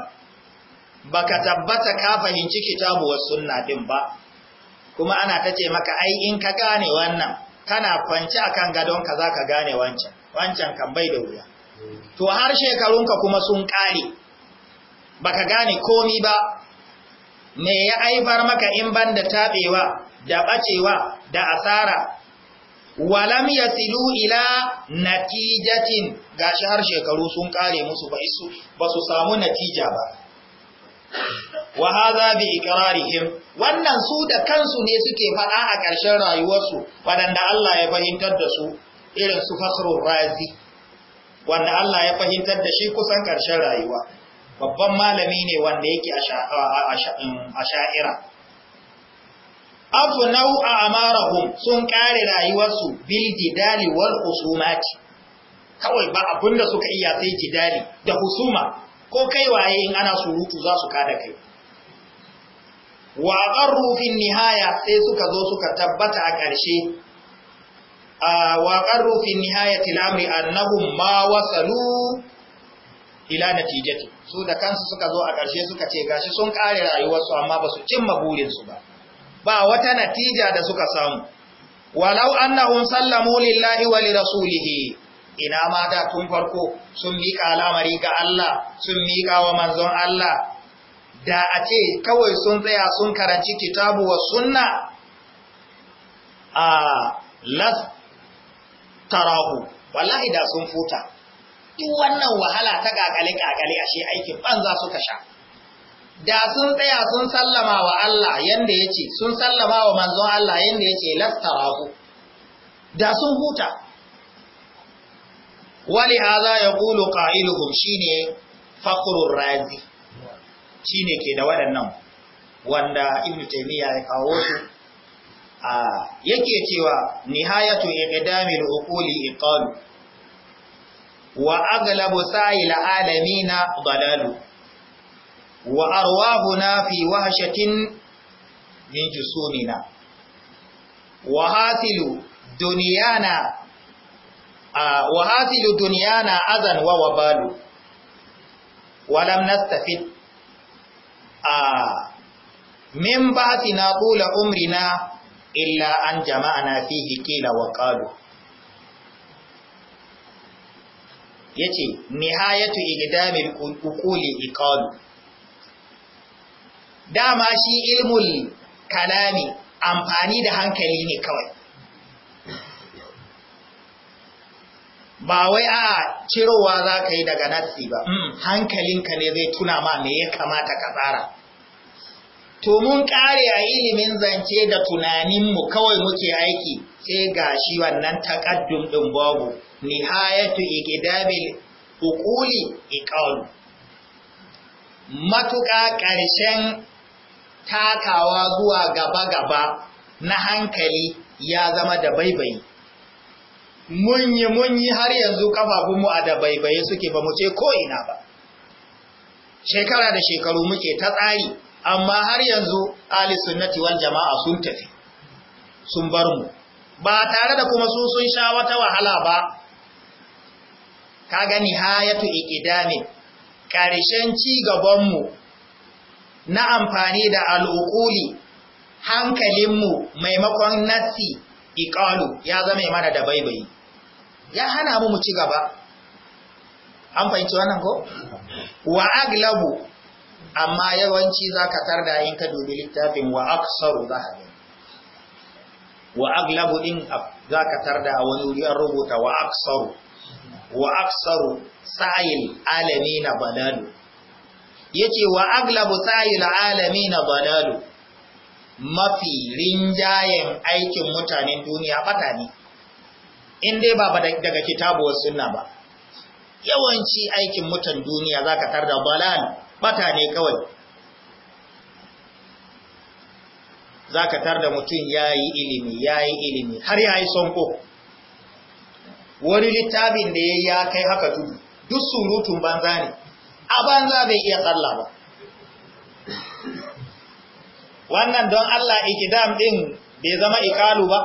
ba ka tabbata ka fahimci kitabuwar sunna ɗin ba kuma ana ta ce maka ai in ka gane wannan kana kwanci kan gadonka za ka gane wancan wancan kan bai da wuya to har shekarunka kuma sun ƙare ba ka gane komi ba me ya aifar maka in ban da taɓewa da ɓacewa da asara walam yasilu ila natijatin gashi har shekaru sun kare musu ba su ba su samu natija ba wa hadha bi iqrarihim wannan su da kansu ne suke faɗa a ƙarshen rayuwarsu waɗanda Allah ya fahimtar da su irin su fakhrul razi wanda Allah ya fahimtar da shi kusan ƙarshen rayuwa babban malami ne wanda yake a sha'ira afnau a'marahum sun kare rayuwarsu bil jidali wal husumati kawai ba abinda suka iya sai jidali da husuma ko kai waye in ana surutu za su kada kai wa aqarru fi nihaya sai suka zo suka tabbata a ƙarshe wa aqarru fi nihayati al-amri annahum ma wasalu ila natijati su da kansu suka zo a ƙarshe suka ce gashi sun kare rayuwarsu amma ba su cimma burinsu ba ba wata natija da suka samu walau annahum sallamu lillahi wa lirasulihi ina ma da tun farko sun miƙa al'amari ga Allah sun miƙa wa manzon Allah da a ce kawai sun tsaya sun karanci kitabu wa sunna a las tarahu wallahi da sun futa duk wannan wahala ta kakale kakale ashe aikin banza suka sha da sun tsaya sun sallama wa Allah yanda ya ce sun sallama wa manzon Allah yanda ya ce da sun huta wali haza ya kulu ƙa'iluhum shine fakurun razi shine ke da waɗannan wanda ibn taymiya ya kawo su a yake cewa nihayatu iqdamil uquli iqalu wa aglabu sa'il alamina dalalu وأرواحنا في وهشة من جسومنا وهاتل دنيانا آه، وهاتل دنيانا أذن ووبال ولم نستفد آه، من بعثنا طول عمرنا إلا أن جمعنا فيه كيل وقالوا يتي نهاية إقدام الأقول إقالوا dama shi ilmul kalami amfani da hankali ne kawai ba wai a cirowa za ka yi daga nasi ba mm. hankalinka ne zai tuna ma me ya kamata ka tsara to mun kare a ilimin zance da tunaninmu kawai muke aiki sai ga shi wannan takaddum ɗin babu nihayatu ikidabil uquli iqalu matuƙa ƙarshen takawa zuwa gaba-gaba na hankali ya zama da baibayi. Mun yi har yanzu kafafunmu a da baibaye suke ba mu ce ko'ina ba. Shekara da shekaru muke ta tsari, amma har yanzu Ali sunnati wal jama'a sun tafi, sun bar mu. Ba tare da kuma su sun sha wata wahala ba, ka gani hayatu ikidamin, ƙarshen ci gabanmu na amfani da al’uƙuli hankalinmu maimakon nassi iƙalu ya zama mana da baibayi ya hana mu mu ci gaba an fahimci wannan ko wa aglabu amma yawanci za ka tarda in ka dubi littafin wa aksaru zahabi wa aglabu din ka tarda a wani wuri an rubuta wa aksaru wa aksaru sa'il alamina banalu yace wa aglabu sa'il alamin badalu mafi rinjayen aikin mutanen duniya bata ne in dai ba daga kitabu wa sunna ba yawanci aikin mutan duniya zaka tarda balal bata ne kawai zaka tarda mutum yayi ilimi yayi ilimi har yayi sonko wani littafin da yayi ya kai haka tudu duk surutun banza ne a banza bai iya tsalla ba wannan don Allah ikidam ɗin bai zama ikalu ba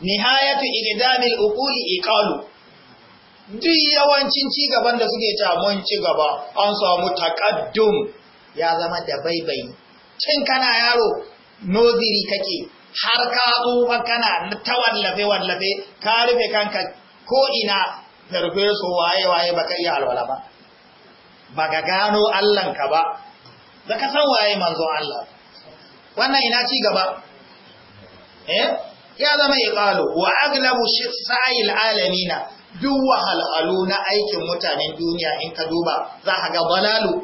nihayatu ikidamil uquli ikalu duk yawancin cigaban da suke ta cigaba, ci an samu takaddum ya zama da baibayi Kin kana yaro noziri kake har ka tsufa kana ta wallafe wallafe ka rufe kanka ko ina da rufe so waye waye baka iya alwala ba ba ga gano Allahnka ba, da ka san waye manzon Allah. Wannan ina ci gaba, eh? ya zama iqalu wa aglabu sa'il alamina duk wahalhalu na aikin mutanen duniya in ka duba za ka ga balalu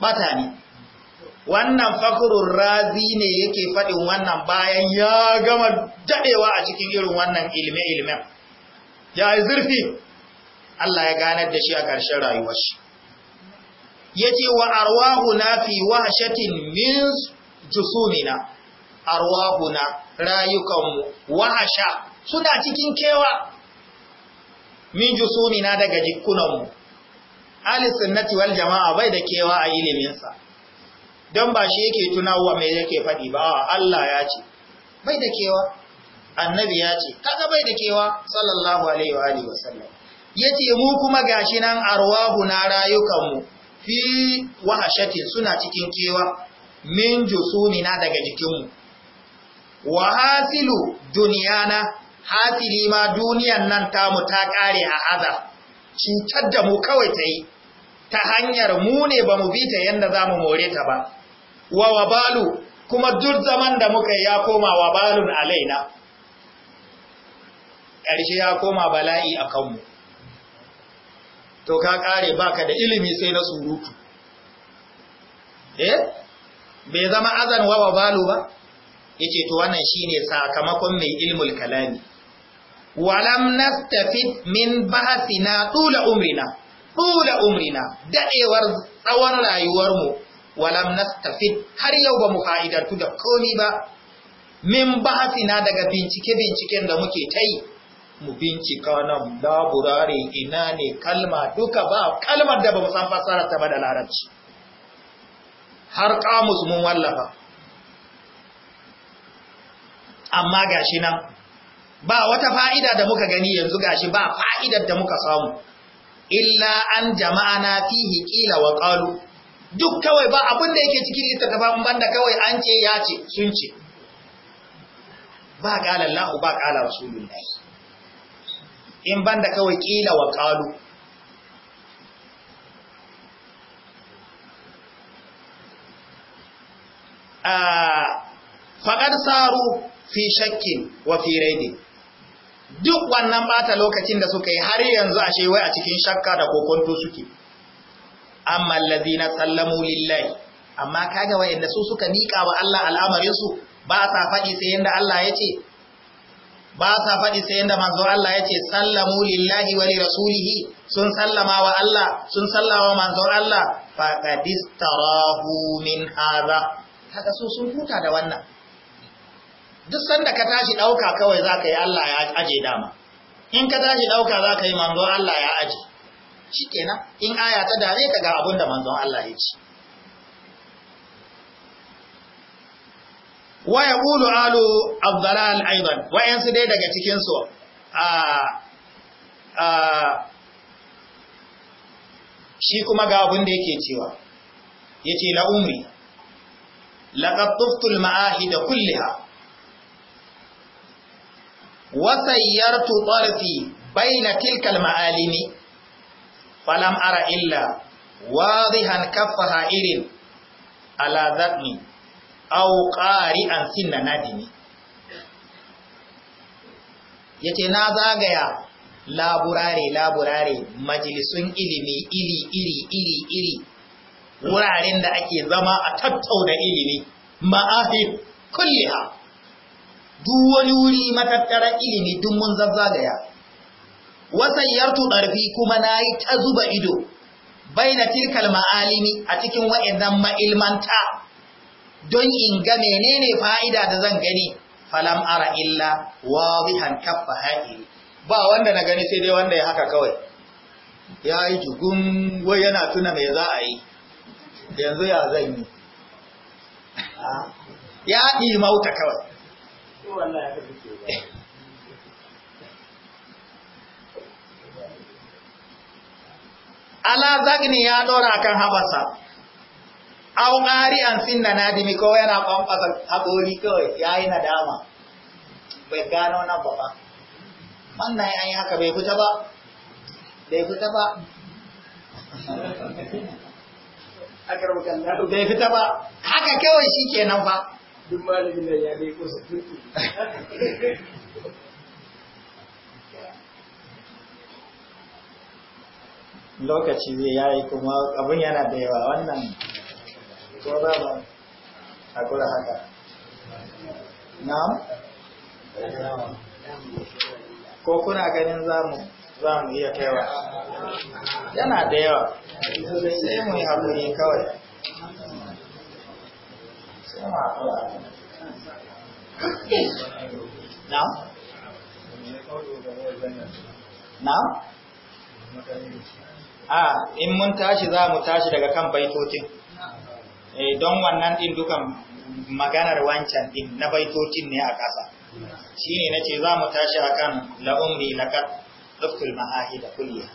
bata Wannan fakurun razi ne yake faɗin wannan bayan ya gama daɗewa a cikin irin wannan ilme-ilmen. Ya yi zurfi, Allah ya ganar da shi a ƙarshen rayuwar shi. yace wa arwahuna fi wahshatin min jusumina arwahuna rayukanmu wahasha suna cikin kewa min jusumina daga jikunanmu ahli sunnati wal jama'a bai da kewa a iliminsa don ba shi yake tunawa me yake faɗi ba Allah ya ce bai da kewa annabi ya ce kaga bai da kewa sallallahu alaihi wa alihi wasallam yace mu kuma gashi nan arwahuna rayukanmu fi wahashatin suna cikin kewa min jusumina daga jikinmu wa hasilu duniyana hasili ma duniyan nan ta mu ta kare a aza. cutar da mu kawai ta yi ta hanyar mu ne ba mu bi ta yadda za mu more ta ba wa wabalu kuma duk zaman da muka ya koma wabalun alaina ƙarshe ya koma bala'i a kanmu to ka kare baka da ilimi sai na surutu eh bai zama azan wa babalu ba yace to wannan shine sakamakon mai ilmul kalami walam nastafid min ba'thina tula umrina tula umrina dadewar tsawon rayuwar mu walam nastafid har yau ba mu tu da komi ba min ba'thina daga bincike binciken da muke ta yi mu bincika nan laburare ina ne kalma duka ba kalmar da ba mu san fassara ta ba da larabci har kamus mun wallafa amma gashi nan ba wata fa'ida da muka gani yanzu gashi ba fa'idar da muka samu illa an jama'ana fihi qila wa qalu duk kawai ba abin da yake cikin littattafan banda kawai an ce ya ce sun ce ba qala Allah ba qala Rasulullahi in banda kawai ƙila wa ƙalu ah, faƙar saru fi shakkin wa fi duk wannan bata lokacin da suka yi har yanzu a shewai a cikin shakka da kokonto suke amma na sallamu lillahi amma kaga wayanda su suka mika wa Allah al'amarin su ba sa faɗi sai yanda Allah ya ce ba sa faɗi sai yadda manzo Allah ya ce sallamu lillahi wa li rasulihi sun sallama wa Allah sun sallama manzo Allah fa qadistarahu min hada kaga so sun huta da wannan duk sanda ka tashi dauka kawai zaka yi Allah ya aje dama in ka tashi dauka zaka yi manzo Allah ya aje shikenan in aya ta dare ka ga abinda manzo Allah ya ce Waya yaqulu alu abdalal aidan wa wa'yansu dai daga cikinsu su a shi kuma ga abin da yake cewa yace la umri laqad tuftu al ma'ahid kullaha wa sayyartu tarfi baina tilka al ma'alimi falam ara illa wadihan kaffaha irin ala dhatmi au an sinna nadimi yace na zagaya laburare laburare majalisun ilimi iri iri iri iri wuraren da ake zama a tattauna ilimi ma'afi kulliha duk wani wuri matattara ilimi duk mun zazzagaya wasayyartu ɗarfi kuma na yi ta zuba ido bai na tilkal ma'alimi a cikin wa'izan ma'ilmanta don in ga menene fa'ida da zan gani falam ara illa bihan kaffa ha'iri ba wanda na gani sai dai wanda ya haka kawai ya yi jugun wai yana tuna mai za a yi yanzu ya zan yi ya ɗi mauta kawai ala zagni ya ɗora kan habasa au ngari an sinna nadimi ko yana kwamfasa haƙori kawai ya yi nadama bai gano nan ba ba wannan ya yi haka bai fita ba bai fita ba bai fita ba haka kawai shi kenan ba duk malamin da ya bai kusa tutu lokaci zai yayi kuma abin yana da yawa wannan to za ba haka na ko kuna ganin za mu iya kaiwa yana da yawa sai mu yi kawai na na a ah, in mun tashi za tashi daga kan Eh, don wannan din dukan maganar wancan din na baitocin ne a ƙasa shine nace za mu tashi akan la umri laqad daftul ma'ahida kulliya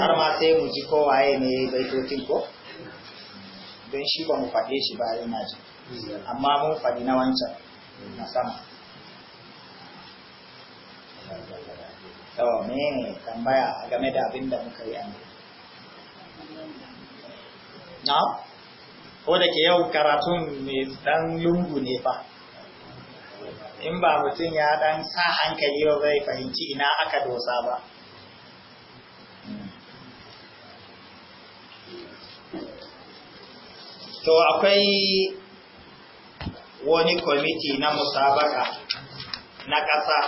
har ma sai mu ji kowaye ne baitocin ko don shi ba mu faɗe shi ba yana ji amma mun faɗi na wancan na sama Tawa me tambaya game da abin da muka yi a na ko da ke yau karatun mai dan lungu ne ba in ba mutum ya dan sa hankali ba zai fahimci ina aka dosa ba to akwai wani kwamiti na musabaka na ƙasa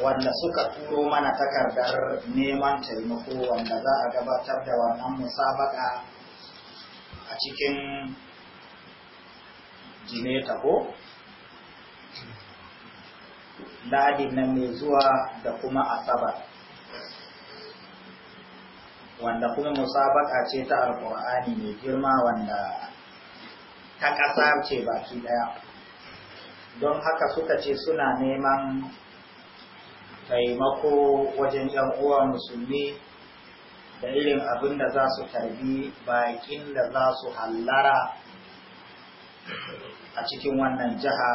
wanda suka turo mana takardar neman taimako wanda za a gabatar da wannan musabaka a cikin jineta ko ladin na mai zuwa da kuma asabar wanda kuma musabaka ce ta alkur'ani mai girma wanda ta ƙasa ce baki ɗaya don haka suka ce suna neman taimako wajen yan uwa musulmi da irin abin da za su tarbi bakin da za su hallara a cikin wannan jiha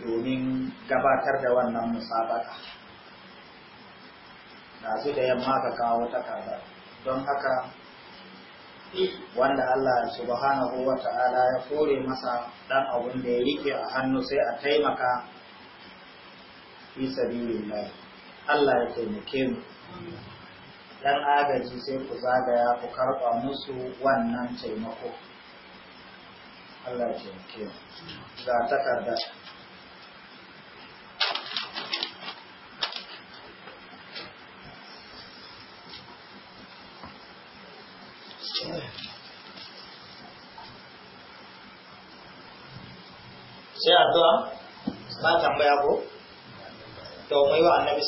domin gabatar da wannan musabaka su da yamma ka kawo takarda don haka wanda Allah subhanahu wa ta'ala ya kore masa dan abun da ya rike a hannu sai a taimaka fi ba Allah ya taimake mu dan agaji sai ku zagaya ku karba musu wannan taimako Allah ya taimake mu ga takarda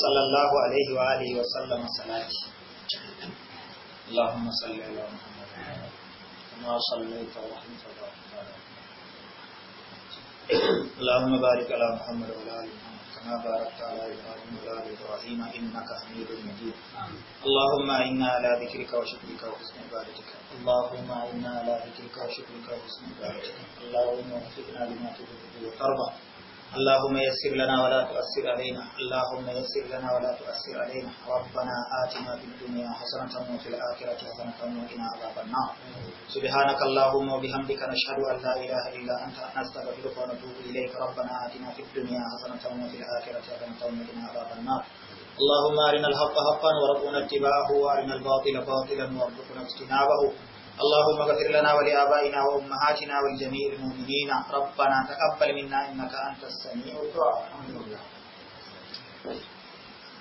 صلى الله عليه وآله وسلم صلاة اللهم Allahumma salli ala Muhammad kama sallaita wa rahmata وسلم اللهم بارك على محمد وعلى ال محمد كما باركت على ابراهيم وعلى ال ابراهيم انك حميد مجيد اللهم انا على ذكرك وشكرك وحسن عبادتك اللهم انا على ذكرك وشكرك وحسن عبادتك اللهم وفقنا لما تحب وترضى اللهم يسر لنا ولا تؤثر علينا اللهم يسر لنا ولا تؤثر علينا ربنا آتنا في الدنيا حسنة وفي الآخرة حسنة وقنا عذاب النار سبحانك اللهم وبحمدك نشهد أن لا إله إلا أنت نستغفرك ونتوب إليك ربنا آتنا في الدنيا حسنة وفي الآخرة حسنة وقنا عذاب النار اللهم أرنا الحق حقا وارزقنا اتباعه وأرنا الباطل باطلا وارزقنا اجتنابه اللهم اغفر لنا ولآبائنا وأمهاتنا ولجميع المؤمنين ربنا تقبل منا إنك أنت السميع الدعاء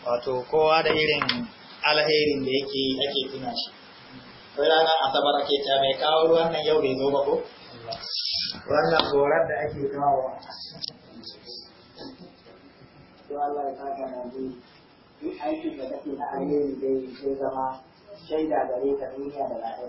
wato kowa da irin alherin da yake ake tuna shi kai rana asabar ake ta mai kawo wannan yau bai zo ba ko wannan horar da ake kawo to Allah ya saka na duk aikin da kake da alheri dai sai zama shaida gare ka duniya da lafiya